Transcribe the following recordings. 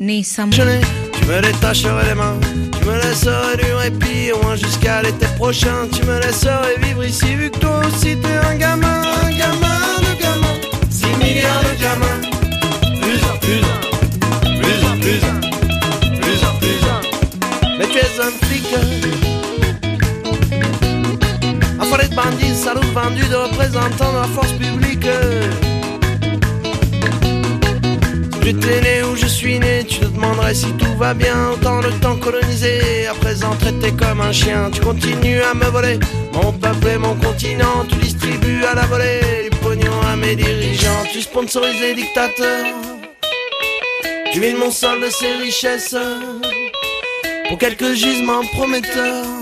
ni sa Tu me détacherais les mains, tu me laisserais du répit, au moins jusqu'à l'été prochain. Tu me laisserais vivre ici, vu que toi aussi es un gamin, un gamin de gamin. 6 milliards de gamins, plus en plus un, plus en plus un, plus en plus un. Mais tu es un flic. Hein. Affolé de bandits, salauds vendus, de représentants de la force publique. Tu t'es né, où je suis né, tu te demanderais si tout va bien. Autant le temps colonisé, à présent traité comme un chien. Tu continues à me voler mon peuple et mon continent. Tu distribues à la volée les pognons à mes dirigeants. Tu sponsorises les dictateurs. Tu vides mon sol de ses richesses pour quelques gisements prometteurs.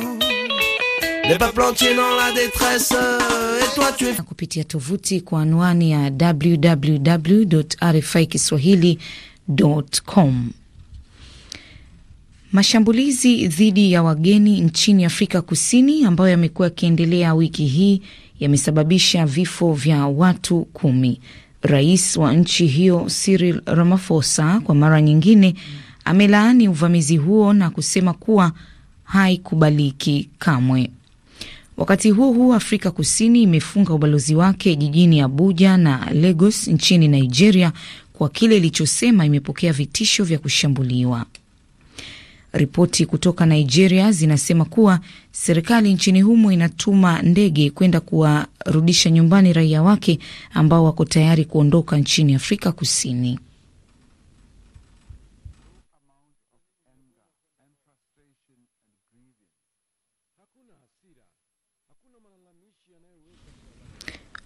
Le peuple entier dans la détresse euh, et toi tu es... Kupitia tovuti kwa anwani ya www.rfikiswahili.com. Mashambulizi dhidi ya wageni nchini Afrika Kusini ambayo yamekuwa yakiendelea wiki hii yamesababisha vifo vya watu kumi. Rais wa nchi hiyo Cyril Ramaphosa kwa mara nyingine amelaani uvamizi huo na kusema kuwa haikubaliki kamwe. Wakati huo huo, Afrika Kusini imefunga ubalozi wake jijini Abuja na Lagos nchini Nigeria kwa kile ilichosema imepokea vitisho vya kushambuliwa. Ripoti kutoka Nigeria zinasema kuwa serikali nchini humo inatuma ndege kwenda kuwarudisha nyumbani raia wake ambao wako tayari kuondoka nchini Afrika Kusini.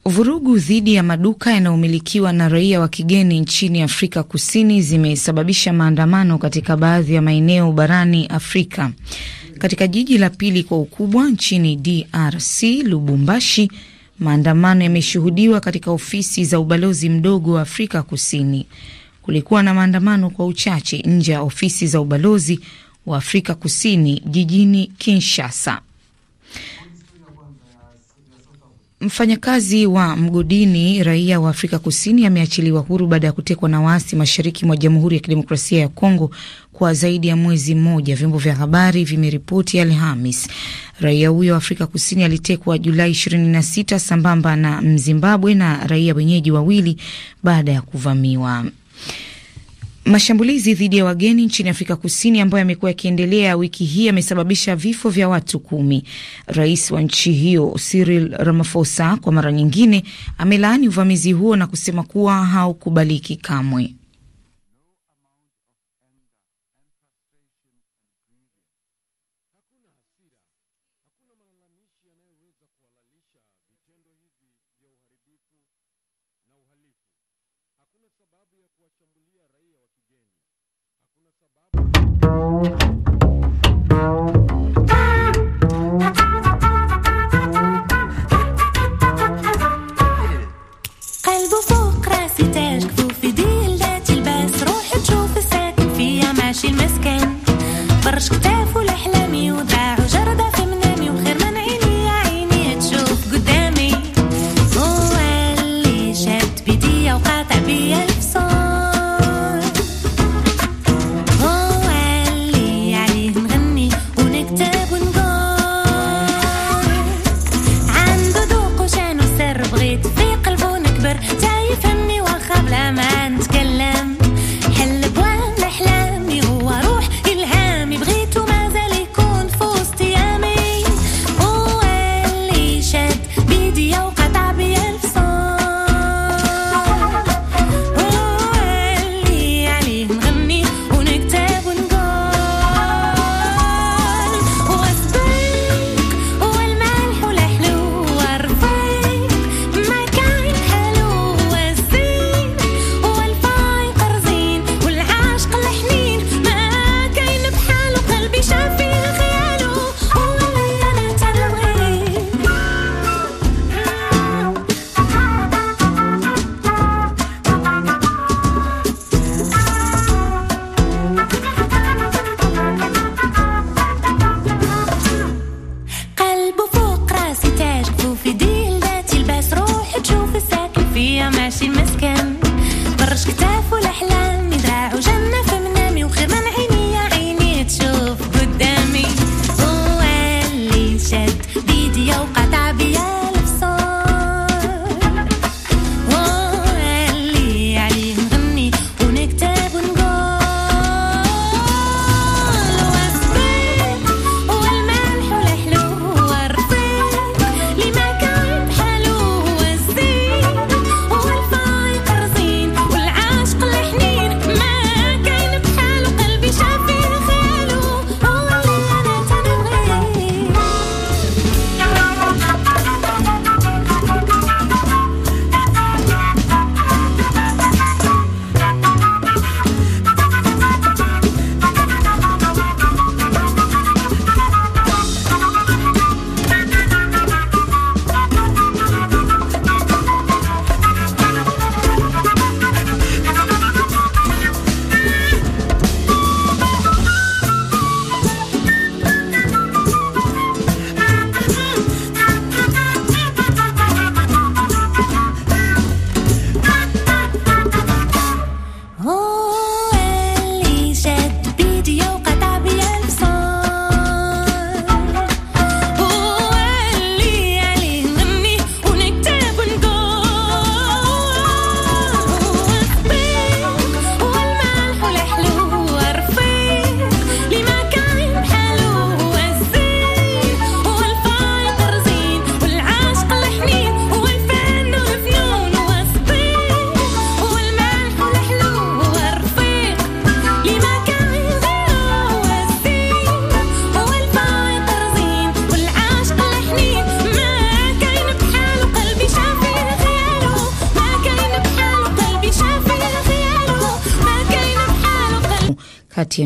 Vurugu dhidi ya maduka yanayomilikiwa na raia wa kigeni nchini Afrika Kusini zimesababisha maandamano katika baadhi ya maeneo barani Afrika. Katika jiji la pili kwa ukubwa nchini DRC, Lubumbashi, maandamano yameshuhudiwa katika ofisi za ubalozi mdogo wa Afrika Kusini. Kulikuwa na maandamano kwa uchache nje ya ofisi za ubalozi wa Afrika Kusini jijini Kinshasa. Mfanyakazi wa mgodini raia wa Afrika Kusini ameachiliwa huru baada ya kutekwa na waasi mashariki mwa Jamhuri ya Kidemokrasia ya Kongo kwa zaidi ya mwezi mmoja, vyombo vya habari vimeripoti Alhamis. Raia huyo wa Afrika Kusini alitekwa Julai 26 sambamba na Mzimbabwe na raia wenyeji wawili baada ya kuvamiwa. Mashambulizi dhidi ya wageni nchini Afrika Kusini ambayo yamekuwa yakiendelea wiki hii yamesababisha vifo vya watu kumi. Rais wa nchi hiyo Cyril Ramaphosa kwa mara nyingine amelaani uvamizi huo na kusema kuwa haukubaliki kamwe.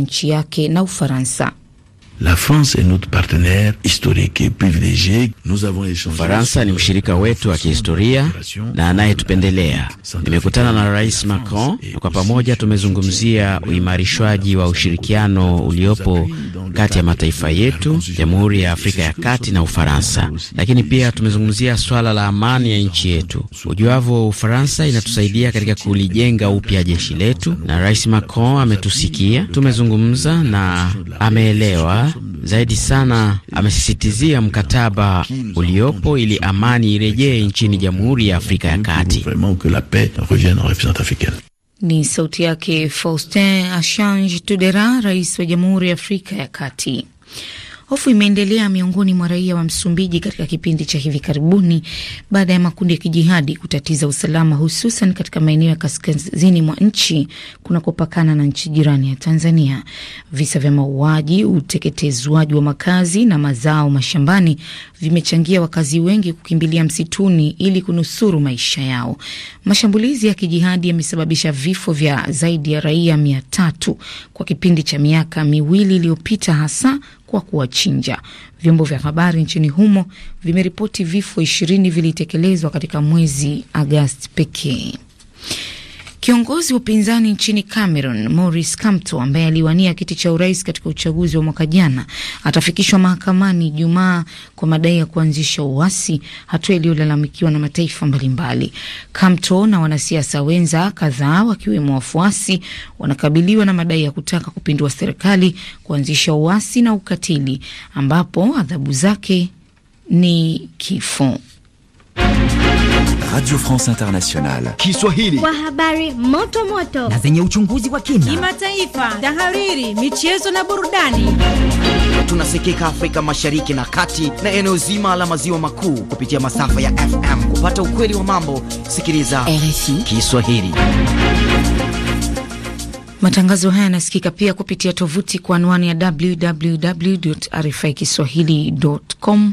nchi yake na Ufaransa. La France est notre partenaire historique et privilegié. Nous avons échangé. Faransa ni mshirika wetu wa kihistoria na anayetupendelea. Nimekutana na Rais Macron na kwa pamoja tumezungumzia uimarishwaji wa ushirikiano uliopo kati ya mataifa yetu, Jamhuri ya Afrika ya Kati na Ufaransa, lakini pia tumezungumzia swala la amani ya nchi yetu. Ujuavyo, Ufaransa inatusaidia katika kulijenga upya jeshi letu, na Rais Macron ametusikia, tumezungumza na ameelewa zaidi sana amesisitizia mkataba uliopo ili amani irejee nchini Jamhuri ya Afrika ya Kati. Ni sauti yake Faustin Ashange Tudera, rais wa Jamhuri ya Afrika ya Kati. Hofu imeendelea miongoni mwa raia wa Msumbiji katika kipindi cha hivi karibuni baada ya makundi ya kijihadi kutatiza usalama, hususan katika maeneo ya kaskazini mwa nchi kunakopakana na nchi jirani ya Tanzania. Visa vya mauaji, uteketezwaji wa makazi na mazao mashambani vimechangia wakazi wengi kukimbilia msituni ili kunusuru maisha yao. Mashambulizi ya kijihadi yamesababisha vifo vya zaidi ya raia mia tatu kwa kipindi cha miaka miwili iliyopita hasa kwa kuwachinja. Vyombo vya habari nchini humo vimeripoti vifo ishirini vilitekelezwa katika mwezi Agasti pekee. Kiongozi wa upinzani nchini Cameroon Maurice Kamto ambaye aliwania kiti cha urais katika uchaguzi wa mwaka jana atafikishwa mahakamani Ijumaa kwa madai ya kuanzisha uasi, hatua iliyolalamikiwa na mataifa mbalimbali. Kamto na wanasiasa wenza kadhaa wakiwemo wafuasi wanakabiliwa na madai ya kutaka kupindua serikali, kuanzisha uasi na ukatili, ambapo adhabu zake ni kifo. Radio France Internationale. Kiswahili. Kwa habari moto moto na zenye uchunguzi wa kina, kimataifa, tahariri, michezo na burudani. Tunasikika Afrika Mashariki na Kati na eneo zima la maziwa makuu kupitia masafa ya FM. Kupata ukweli wa mambo, sikiliza RFI Kiswahili. Matangazo haya yanasikika pia kupitia tovuti kwa anwani ya www.rfikiswahili.com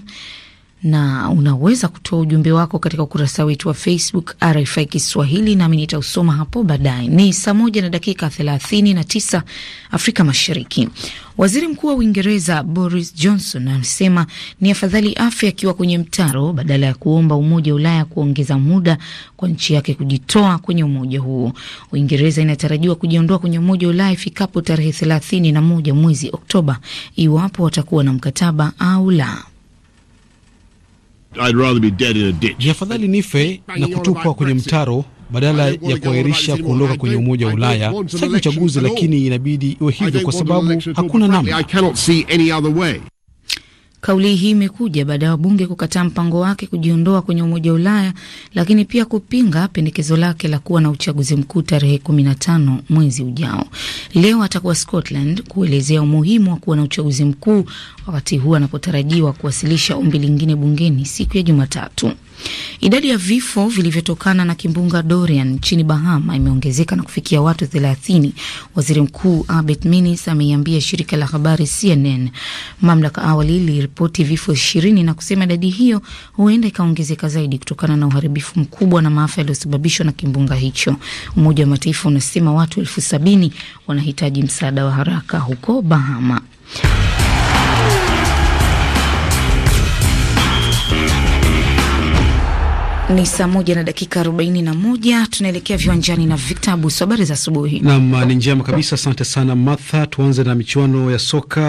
na unaweza kutoa ujumbe wako katika ukurasa wetu wa Facebook RFI Kiswahili, nami nitausoma hapo baadaye. Ni saa moja na dakika thelathini na tisa Afrika Mashariki. Waziri Mkuu wa Uingereza Boris Johnson anasema ni afadhali afya akiwa kwenye mtaro badala ya kuomba Umoja wa Ulaya kuongeza muda kwa nchi yake kujitoa kwenye umoja huo. Uingereza inatarajiwa kujiondoa kwenye Umoja wa Ulaya ifikapo tarehe thelathini na moja mwezi Oktoba, iwapo watakuwa na mkataba au la. I'd rather be dead in a ditch. Afadhali nife na kutupwa kwenye mtaro badala ya kuahirisha kuondoka kwenye Umoja wa Ulaya. Sitaki uchaguzi, lakini inabidi iwe hivyo kwa sababu hakuna namna. Kauli hii imekuja baada ya wabunge kukataa mpango wake kujiondoa kwenye Umoja wa Ulaya, lakini pia kupinga pendekezo lake la kuwa na uchaguzi mkuu tarehe 15 mwezi ujao. Leo atakuwa Scotland kuelezea umuhimu wa kuwa na uchaguzi mkuu, wakati huu anapotarajiwa kuwasilisha ombi lingine bungeni siku ya Jumatatu. Idadi ya vifo vilivyotokana na kimbunga Dorian nchini Bahama imeongezeka na kufikia watu 30, waziri mkuu Albert Minis ameiambia shirika la habari CNN. Mamlaka awali iliripoti vifo ishirini na kusema idadi hiyo huenda ikaongezeka zaidi kutokana na uharibifu mkubwa na maafa yaliyosababishwa na kimbunga hicho. Umoja wa Mataifa unasema watu elfu sabini wanahitaji msaada wa haraka huko Bahama. Ni saa moja na dakika arobaini na moja. Tunaelekea viwanjani na Victor Abuso. Habari za asubuhi. Naam, ni njema kabisa, asante sana Martha. Tuanze na michuano ya soka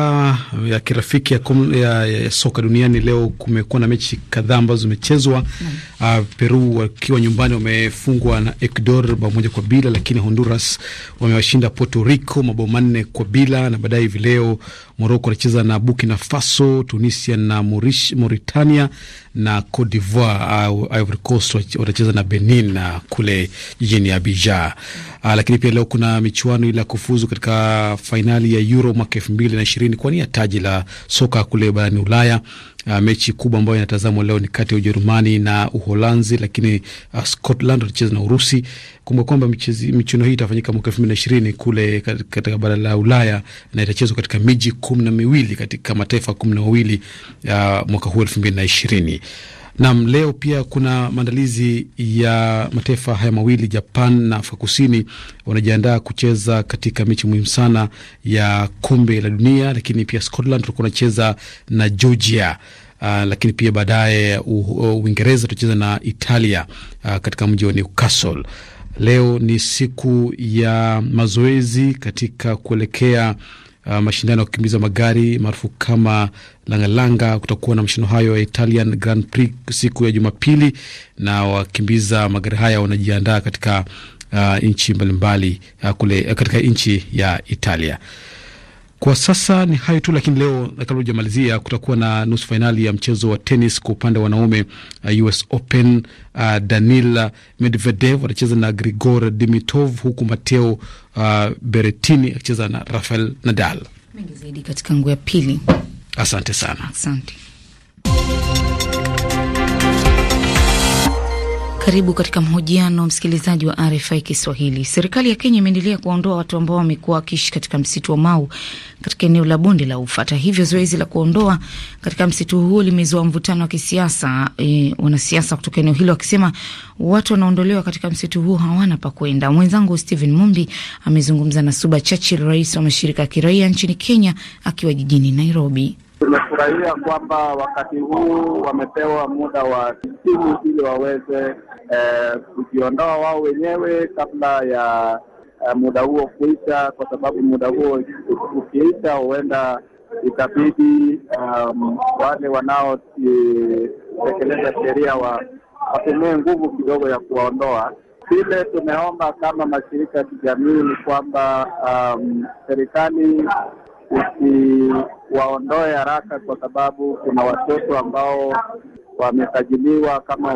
ya kirafiki ya, ya, ya soka duniani. Leo kumekuwa na mechi kadhaa ambazo zimechezwa mm. Uh, Peru wakiwa nyumbani wamefungwa na Ecuador bao moja kwa bila, lakini Honduras wamewashinda Puerto Rico mabao manne kwa bila, na baadaye hivi leo Morocco wanacheza na Burkina Faso, Tunisia na Mauritania na Cote d'Ivoire. Uh, Ivory Coast watacheza na Benin uh, kule jijini Abidjan. Uh, lakini pia leo kuna michuano ile ya kufuzu katika fainali ya Euro mwaka elfu mbili na ishirini kwa nia taji la soka kule barani Ulaya. Uh, mechi kubwa ambayo inatazamwa leo ni kati ya Ujerumani na Uholanzi, lakini uh, Scotland watacheza na Urusi. Kumbuka kwamba michuano hii itafanyika mwaka elfu mbili na ishirini kule katika bara la Ulaya na itachezwa katika miji kumi na miwili katika mataifa kumi na mawili uh, mwaka huu elfu mbili na ishirini. Nam, leo pia kuna maandalizi ya mataifa haya mawili, Japan na Afrika Kusini wanajiandaa kucheza katika mechi muhimu sana ya kombe la dunia, lakini pia Scotland walikuwa wanacheza na Georgia. Uh, lakini pia baadaye Uingereza tutacheza na Italia uh, katika mji wa Newcastle. Leo ni siku ya mazoezi katika kuelekea uh, mashindano ya kukimbiza magari maarufu kama langalanga. Kutakuwa na mashindano hayo ya Italian Grand Prix siku ya Jumapili, na wakimbiza magari haya wanajiandaa katika uh, nchi mbalimbali uh, kule uh, katika nchi ya Italia. Kwa sasa ni hayo tu, lakini leo kabla hujamalizia, kutakuwa na nusu fainali ya mchezo wa tenis kwa upande wa wanaume uh, US Open uh, Danil Medvedev atacheza na Grigor Dimitrov, huku Mateo uh, Beretini akicheza na Rafael Nadal. Mengi zaidi katika nguo ya pili. Asante sana, asante. Karibu katika mahojiano msikilizaji wa RFI Kiswahili. Serikali ya Kenya imeendelea kuwaondoa watu ambao wamekuwa wakiishi katika msitu wa Mau katika eneo la bonde la Ufa. Hata hivyo, zoezi la kuondoa katika msitu huo limezua mvutano wa kisiasa, e, wanasiasa kutoka eneo hilo wakisema watu wanaondolewa katika msitu huo hawana pa kwenda. Mwenzangu Stephen Mumbi amezungumza na Suba Churchill, rais wa mashirika ya kiraia nchini Kenya, akiwa jijini Nairobi. Tumefurahia kwamba wakati huu wamepewa muda wa siku ili waweze eh, kujiondoa wao wenyewe kabla ya eh, muda huo kuisha, kwa sababu muda huo ukiisha huenda itabidi um, wale wanaotekeleza sheria wa watumie nguvu kidogo ya kuwaondoa. Vile tumeomba kama mashirika ya kijamii ni kwamba um, serikali usiwaondoe haraka, kwa sababu kuna watoto ambao wamesajiliwa kama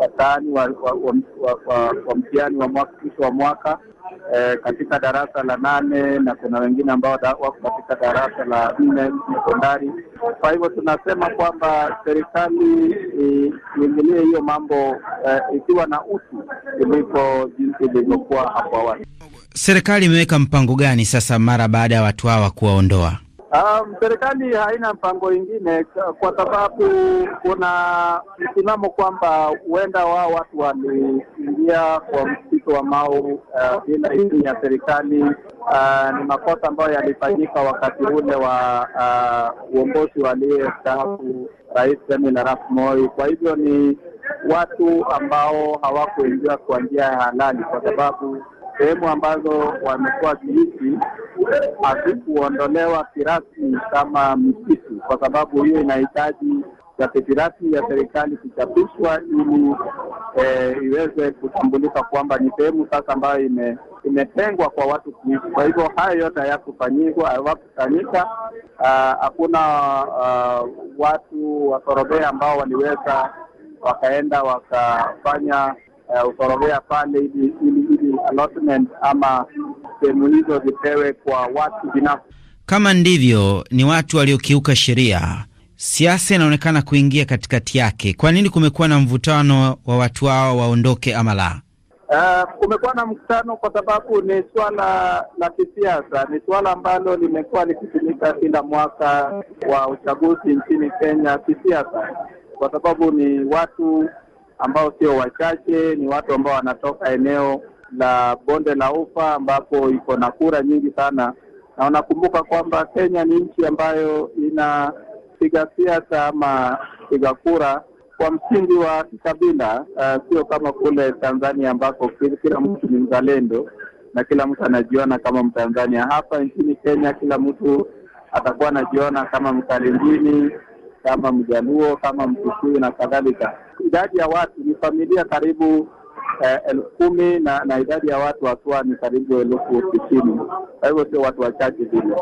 wataani wa mtihani wa mwisho wa mwaka e, katika darasa la nane na kuna wengine ambao wako katika darasa la nne sekondari. Kwa hivyo tunasema kwamba serikali iingilie hiyo mambo e, ikiwa na utu kuliko jinsi ilivyokuwa hapo awali. Serikali imeweka mpango gani sasa mara baada ya watu hawa kuwaondoa? Um, serikali haina mpango ingine kwa sababu kuna msimamo kwamba huenda wao watu waliingia kwa msitu wa Mau uh, bila uh, idhini ya serikali. Uh, ni makosa ambayo yalifanyika wakati ule wa uh, uongozi uh, waliyestaafu Rais Daniel Arap Moi. Kwa hivyo ni watu ambao hawakuingia kwa njia ya halali, kwa sababu sehemu ambazo wamekuwa wakiishi hazikuondolewa kirasmi kama misitu, kwa sababu hiyo inahitaji gazeti rasmi ya serikali kuchapishwa ili e, iweze kutambulika kwamba ni sehemu sasa ambayo ime, imetengwa kwa watu kuishi. Kwa hivyo hayo yote hayakufanyika, hawakufanyika. Ah, hakuna ah, watu wasorobee ambao waliweza wakaenda wakafanya uh, eh, usorobea pale ili, ili, ili allotment ama sehemu hizo zipewe kwa watu binafsi. Kama ndivyo, ni watu waliokiuka sheria. Siasa inaonekana kuingia katikati yake. Kwa nini kumekuwa na mvutano wa watu hao waondoke ama la? Uh, kumekuwa na mkutano kwa sababu ni suala la kisiasa, ni suala ambalo limekuwa likitumika kila mwaka wa uchaguzi nchini Kenya kisiasa, kwa sababu ni watu ambao sio wachache, ni watu ambao wanatoka eneo la bonde la ufa ambapo iko na kura nyingi sana, na unakumbuka kwamba Kenya ni nchi ambayo inapiga siasa ama piga kura kwa msingi wa kikabila, eh, sio uh, kama kule Tanzania ambako kila mtu ni mzalendo na kila mtu anajiona kama Mtanzania. Hapa nchini Kenya kila mtu atakuwa anajiona kama Mkalenjini, kama Mjaluo, kama mtukui na kadhalika. Idadi ya watu ni familia karibu eh, elfu kumi na, na idadi ya watu wakiwa ni karibu elfu tisini. Kwa hivyo sio watu wachache vile.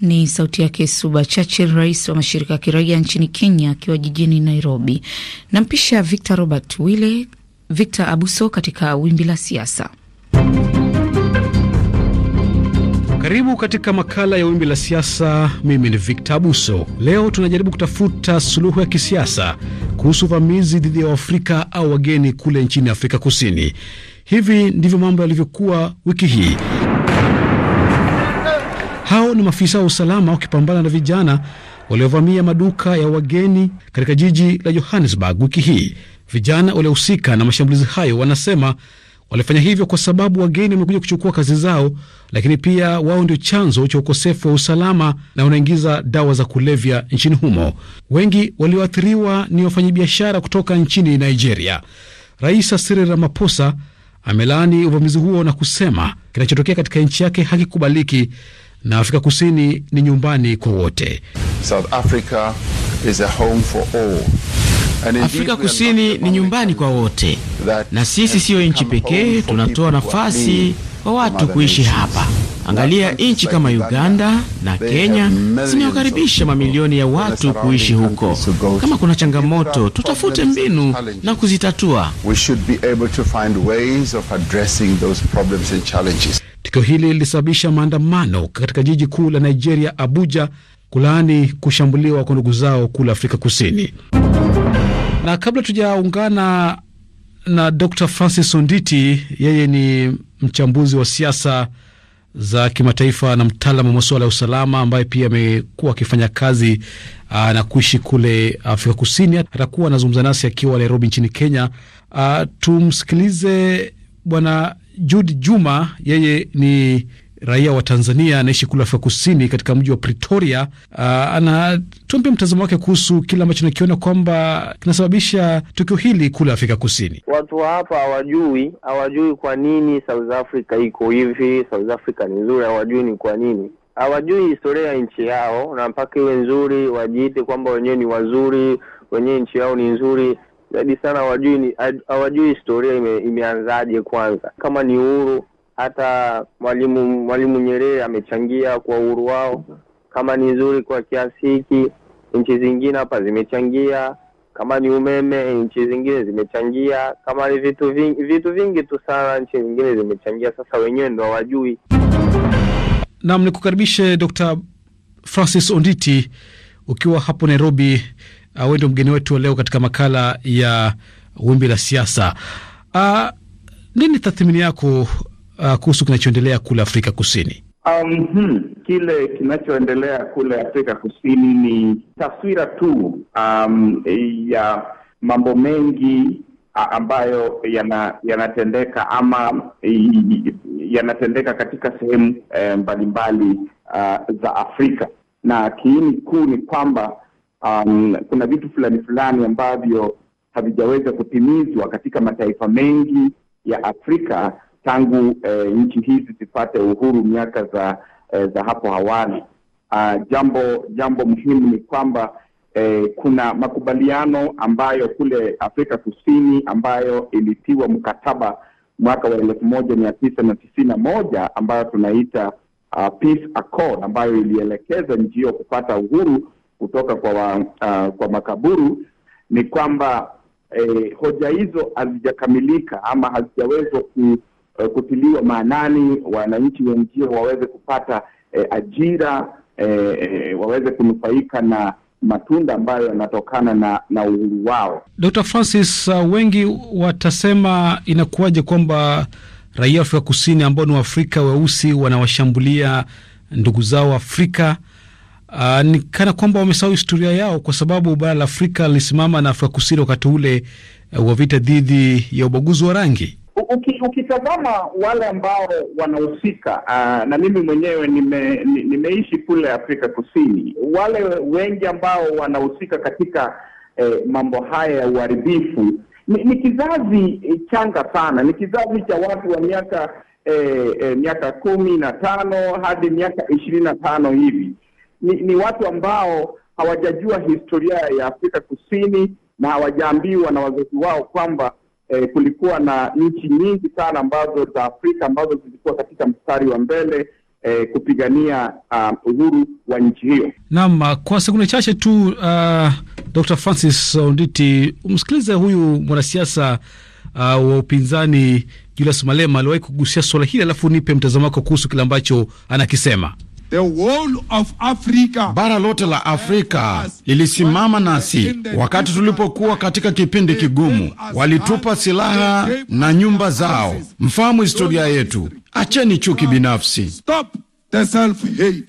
Ni sauti yake Suba chache rais wa mashirika ya kiraia nchini Kenya, akiwa jijini Nairobi. Nampisha Victor Robert Wile, Victor Abuso katika wimbi la siasa. Karibu katika makala ya wimbi la siasa. Mimi ni Victor Abuso. Leo tunajaribu kutafuta suluhu ya kisiasa kuhusu uvamizi dhidi ya Waafrika au wageni kule nchini Afrika Kusini. Hivi ndivyo mambo yalivyokuwa wiki hii. Hao ni maafisa wa usalama wakipambana na vijana waliovamia maduka ya wageni katika jiji la Johannesburg wiki hii. Vijana waliohusika na mashambulizi hayo wanasema Walifanya hivyo kwa sababu wageni wamekuja kuchukua kazi zao, lakini pia wao ndio chanzo cha ukosefu wa usalama na wanaingiza dawa za kulevya nchini humo. Wengi walioathiriwa ni wafanyabiashara kutoka nchini Nigeria. Rais Cyril Ramaphosa amelaani uvamizi huo na kusema kinachotokea katika nchi yake hakikubaliki na Afrika Kusini ni nyumbani kwa wote. South Africa is a home for all. Afrika Kusini ni nyumbani kwa wote, na sisi siyo nchi pekee, tunatoa nafasi kwa watu kuishi hapa. Angalia nchi kama Uganda na Kenya zimewakaribisha mamilioni ya watu kuishi huko. Kama kuna changamoto, tutafute mbinu na kuzitatua. Tukio hili lilisababisha maandamano katika jiji kuu la Nigeria, Abuja, kulaani kushambuliwa kwa ndugu zao kule Afrika Kusini. Na kabla tujaungana na Dr Francis Onditi, yeye ni mchambuzi wa siasa za kimataifa na mtaalamu wa masuala ya usalama ambaye pia amekuwa akifanya kazi aa, na kuishi kule Afrika Kusini. Atakuwa anazungumza nasi akiwa Nairobi nchini Kenya. Aa, tumsikilize Bwana Jude Juma, yeye ni raia wa Tanzania anaishi kule Afrika Kusini, katika mji wa Pretoria. Uh, anatuambia mtazamo wake kuhusu kile ambacho nakiona kwamba kinasababisha tukio hili kule Afrika Kusini. Watu wa hapa hawajui, hawajui kwa nini South Africa iko hivi. South Africa ni nzuri, hawajui ni kwa nini hawajui historia ya nchi yao, na mpaka iwe nzuri wajiite kwamba wenyewe ni wazuri, wenyewe nchi yao ni nzuri zaidi sana. Hawajui, hawajui historia ime, imeanzaje kwanza, kama ni uhuru hata mwalimu mwalimu Nyerere amechangia kwa uhuru wao, kama ni nzuri kwa kiasi hiki, nchi zingine hapa zimechangia, kama ni umeme, nchi zingine zimechangia, kama ni vitu vingi, vitu vingi tu sana, nchi zingine zimechangia. Sasa wenyewe ndo hawajui. Naam, nikukaribishe Dr. Francis Onditi ukiwa hapo Nairobi. awe ah, wewe ndio mgeni wetu leo katika makala ya wimbi la siasa. Uh, nini tathmini yako uh, kuhusu kinachoendelea kule Afrika Kusini? Um, hmm, kile kinachoendelea kule Afrika Kusini ni taswira tu um, ya mambo mengi ambayo yanatendeka yana ama yanatendeka katika sehemu eh, mbalimbali uh, za Afrika, na kiini kuu ni kwamba um, kuna vitu fulani fulani ambavyo havijaweza kutimizwa katika mataifa mengi ya Afrika tangu eh, nchi hizi zipate uhuru miaka za eh, za hapo awali. Ah, jambo jambo muhimu ni kwamba eh, kuna makubaliano ambayo kule Afrika Kusini ambayo ilitiwa mkataba mwaka wa elfu moja mia tisa na tisini na moja ambayo tunaita uh, Peace Accord ambayo ilielekeza nchi hiyo kupata uhuru kutoka kwa wa, uh, kwa makaburu ni kwamba eh, hoja hizo hazijakamilika ama hazijawezwa ku uh, kutiliwa maanani, wananchi wengine waweze kupata uh, ajira uh, uh, waweze kunufaika na matunda ambayo yanatokana na, na uhuru wao. d Francis, uh, wengi watasema inakuwaje kwamba raia wa Afrika Kusini ambao ni Waafrika weusi wanawashambulia ndugu zao Afrika. Uh, ni kana kwamba wamesahau historia yao, kwa sababu bara la Afrika lilisimama na Afrika Kusini wakati ule uh, wa vita dhidi ya ubaguzi wa rangi. Ukitazama wale ambao wanahusika uh, na mimi mwenyewe nime, nimeishi kule Afrika Kusini, wale wengi ambao wanahusika katika eh, mambo haya ya uharibifu ni, ni kizazi changa sana, ni kizazi cha watu wa miaka eh, eh, miaka kumi na tano hadi miaka ishirini na tano hivi. Ni, ni watu ambao hawajajua historia ya Afrika Kusini na hawajaambiwa na wazazi wao kwamba e, kulikuwa na nchi nyingi sana ambazo za Afrika ambazo zilikuwa katika mstari wa mbele e, kupigania uh, uhuru wa nchi hiyo. Naam, ah, kwa sekunde chache tu uh, ah, Dr. Francis Onditi, umsikilize huyu mwanasiasa uh, wa upinzani Julius Malema aliwahi kugusia swala hili, alafu nipe mtazamo wako kuhusu kile ambacho anakisema. The whole of Africa. Bara lote la Afrika lilisimama nasi wakati tulipokuwa katika kipindi kigumu. Walitupa silaha na nyumba zao. Mfahamu historia yetu, acheni chuki binafsi. Stop the self hate.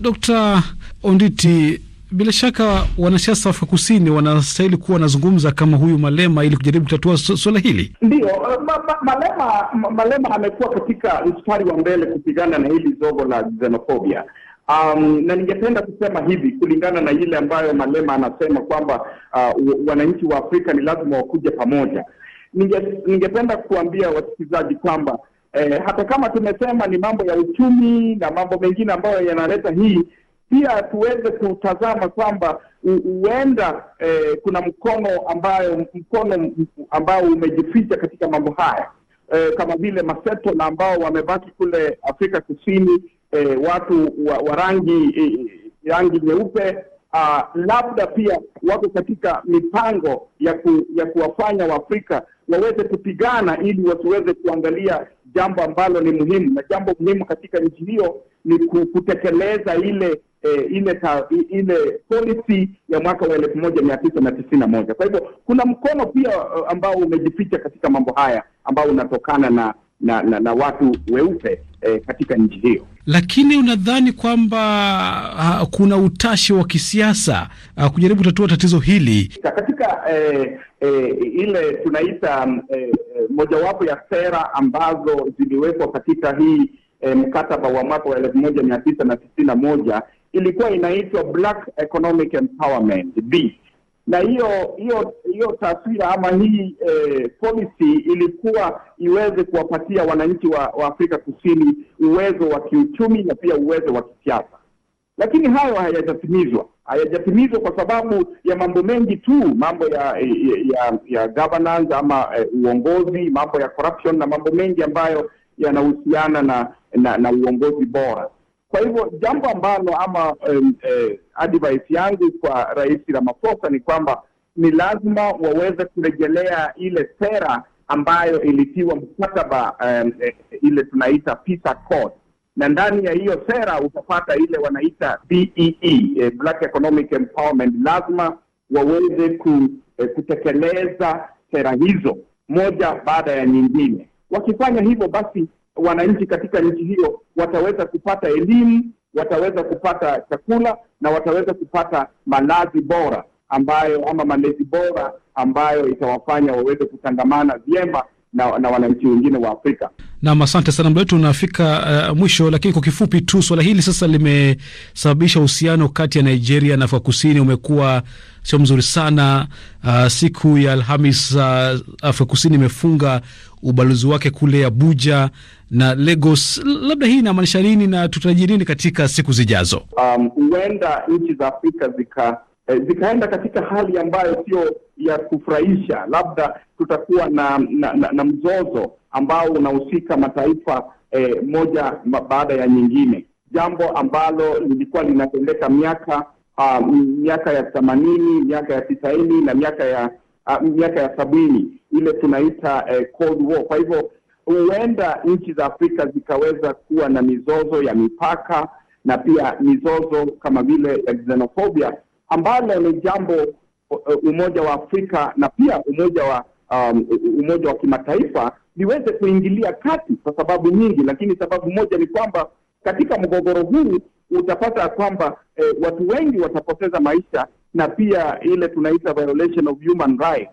Dr. Onditi bila shaka wanasiasa wa Afrika Kusini wanastahili kuwa wanazungumza kama huyu Malema ili kujaribu kutatua suala hili. Ndiyo, uh, Malema Malema amekuwa katika mstari wa mbele kupigana na hili zogo la xenofobia. Um, na ningependa kusema hivi kulingana na ile ambayo Malema anasema kwamba uh, wananchi wa Afrika ni lazima wakuje pamoja. Ninge, ningependa kuambia wasikilizaji kwamba eh, hata kama tumesema ni mambo ya uchumi na mambo mengine ambayo yanaleta hii pia tuweze kutazama kwamba huenda eh, kuna mkono ambayo mkono ambao umejificha katika mambo haya eh, kama vile maseto na ambao wamebaki kule Afrika Kusini eh, watu wa, wa rangi eh, rangi nyeupe Uh, labda pia wako katika mipango ya ku, ya kuwafanya Waafrika waweze kupigana ili wasiweze kuangalia jambo ambalo ni muhimu, na jambo muhimu katika nchi hiyo ni kutekeleza ile eh, ile ta, ile policy ya mwaka wa elfu moja mia tisa na tisini na moja. Kwa hivyo kuna mkono pia eh, ambao umejificha katika mambo haya ambao unatokana na na, na, na watu weupe eh, katika nchi hiyo. Lakini unadhani kwamba uh, kuna utashi wa kisiasa uh, kujaribu kutatua tatizo hili katika eh, eh, ile tunaita eh, eh, mojawapo ya sera ambazo ziliwekwa katika hii eh, mkataba wa mwaka wa elfu moja mia tisa na tisini na moja ilikuwa inaitwa Black Economic Empowerment B, na hiyo hiyo hiyo taswira ama hii eh, policy ilikuwa iweze kuwapatia wananchi wa, wa Afrika Kusini uwezo wa kiuchumi na pia uwezo wa kisiasa, lakini hayo hayajatimizwa hayajatimizwa kwa sababu ya mambo mengi tu, mambo ya ya, ya, ya governance ama eh, uongozi, mambo ya corruption na mambo mengi ambayo yanahusiana na, na na uongozi bora. Kwa hivyo jambo ambalo ama um, eh, advice yangu kwa Rais Ramaphosa ni kwamba ni lazima waweze kurejelea ile sera ambayo ilitiwa mkataba um, eh, ile tunaita Peace Accord, na ndani ya hiyo sera utapata ile wanaita BEE, e, eh, Black Economic Empowerment. Lazima waweze ku, eh, kutekeleza sera hizo moja baada ya nyingine. Wakifanya hivyo, basi wananchi katika nchi hiyo wataweza kupata elimu, wataweza kupata chakula na wataweza kupata malazi bora ambayo ama malezi bora ambayo itawafanya waweze kutangamana vyema na, na wananchi wengine wa Afrika. Nam, asante sana, muda wetu unafika uh, mwisho, lakini kwa kifupi tu swala hili sasa limesababisha uhusiano kati ya Nigeria na Afrika Kusini umekuwa sio mzuri sana. Uh, siku ya Alhamis uh, Afrika Kusini imefunga ubalozi wake kule Abuja na Lagos. Labda hii inamaanisha nini na tutarajia nini katika siku zijazo? Um, huenda um, nchi za Afrika zika e, zikaenda katika hali ambayo sio ya kufurahisha, labda tutakuwa na na, na, na mzozo ambao unahusika mataifa e, moja baada ya nyingine, jambo ambalo lilikuwa linatendeka miaka uh, miaka ya themanini, miaka ya tisaini na miaka ya uh, miaka ya sabini ile tunaita eh, Cold War. Kwa hivyo huenda nchi za Afrika zikaweza kuwa na mizozo ya mipaka na pia mizozo kama vile ya xenofobia ambalo ni jambo uh, uh, Umoja wa Afrika na pia umoja wa um, uh, umoja wa kimataifa liweze kuingilia kati kwa sababu nyingi, lakini sababu moja ni kwamba katika mgogoro huu utapata ya kwamba eh, watu wengi watapoteza maisha na pia ile tunaita violation of human rights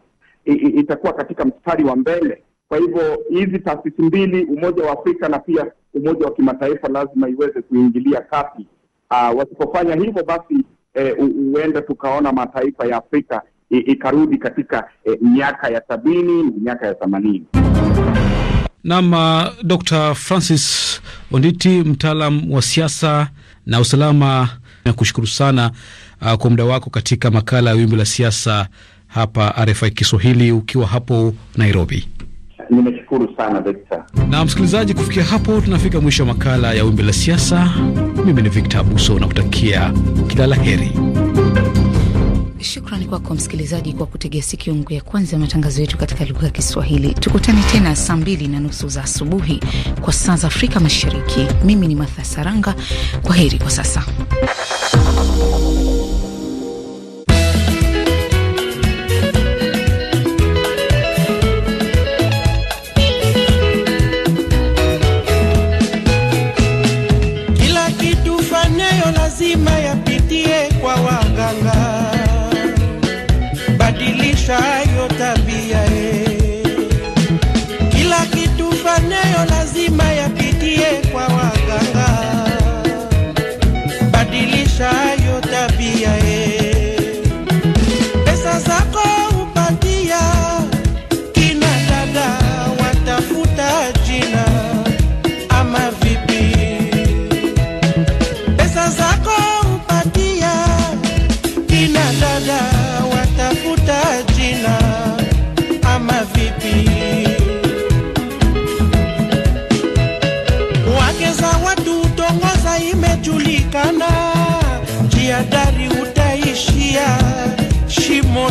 itakuwa katika mstari wa mbele. Kwa hivyo hizi taasisi mbili, Umoja wa Afrika na pia umoja wa kimataifa, lazima iweze kuingilia kati. Uh, wasipofanya hivyo basi huenda eh, tukaona mataifa ya Afrika ikarudi katika eh, miaka ya sabini na miaka ya themanini. Naam, uh, Dr. Francis Onditi, mtaalam wa siasa na usalama, nakushukuru sana uh, kwa muda wako katika makala ya Wimbi la Siasa hapa RFI Kiswahili ukiwa hapo Nairobi. Nimeshukuru sana Victor. Na msikilizaji, kufikia hapo tunafika mwisho wa makala ya Wimbi la Siasa. Mimi ni Victor Abuso na kutakia kila la heri. Shukrani kwako msikilizaji kwa kutegea sikiungu ya kwanza ya matangazo yetu katika lugha ya Kiswahili. Tukutane tena saa mbili na nusu za asubuhi kwa saa za Afrika Mashariki. Mimi ni Matha Saranga, kwa heri kwa sasa. nitie kwa waganga, badilisha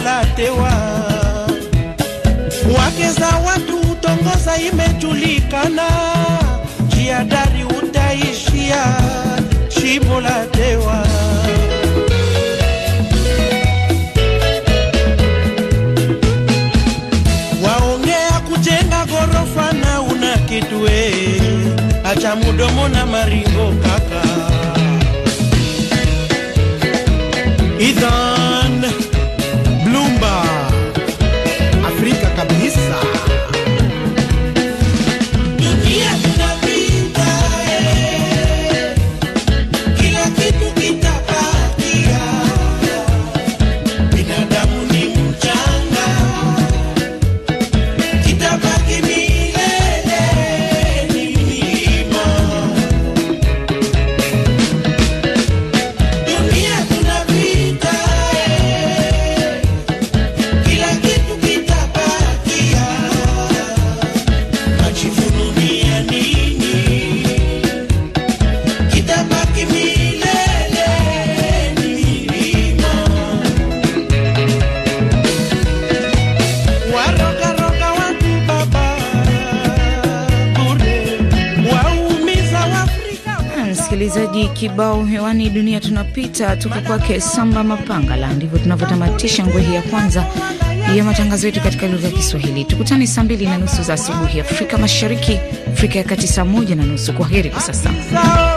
Mola tewa wake za watu utongoza, imejulikana jiadari utaishia shimo la tewa. Waongea kujenga gorofa na una acha mudomo na maringo kaka Ida unapita toka kwake Samba Mapangala. Ndivyo tunavyotamatisha ngwehi ya kwanza ya matangazo yetu katika lugha ya Kiswahili. Tukutane saa mbili na nusu za asubuhi Afrika Mashariki, Afrika ya Kati saa moja na nusu. Kwa heri kwa sasa.